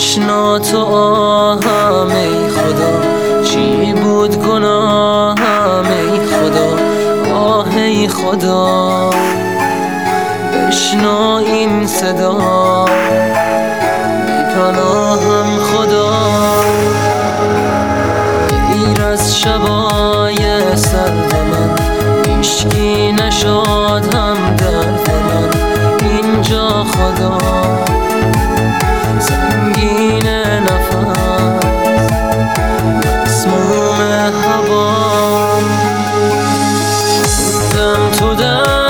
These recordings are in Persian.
بشنا تو آهم ای خدا چی بود گناهم ای خدا آه ای خدا بشنا این صدا هم خدا غیر از شبای سرد من نشاد هم درد من اینجا خدا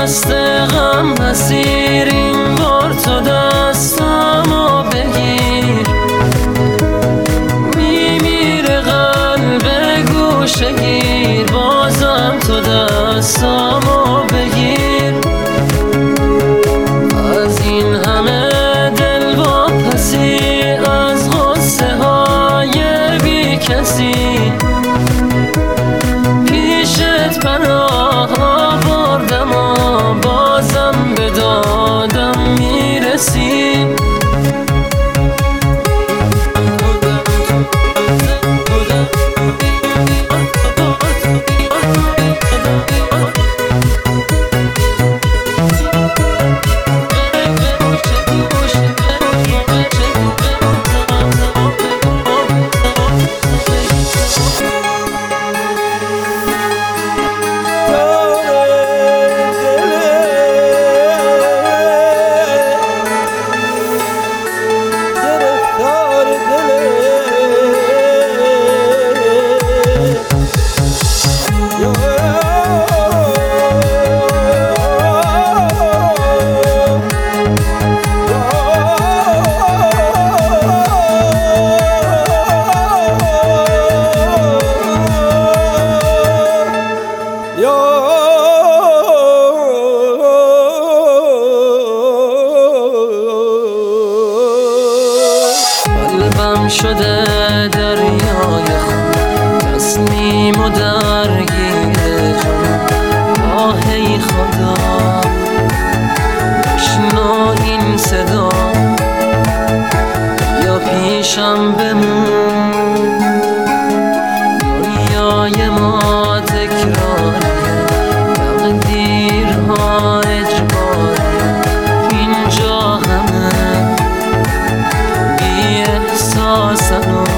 دست غم بسیر این بار تو دستمو بگیر میمیره قلب گیر بازم تو دستم غم شده دریای خون تصمیم و درگیر آهی خدا بشنو این صدا یا پیشم بمون I know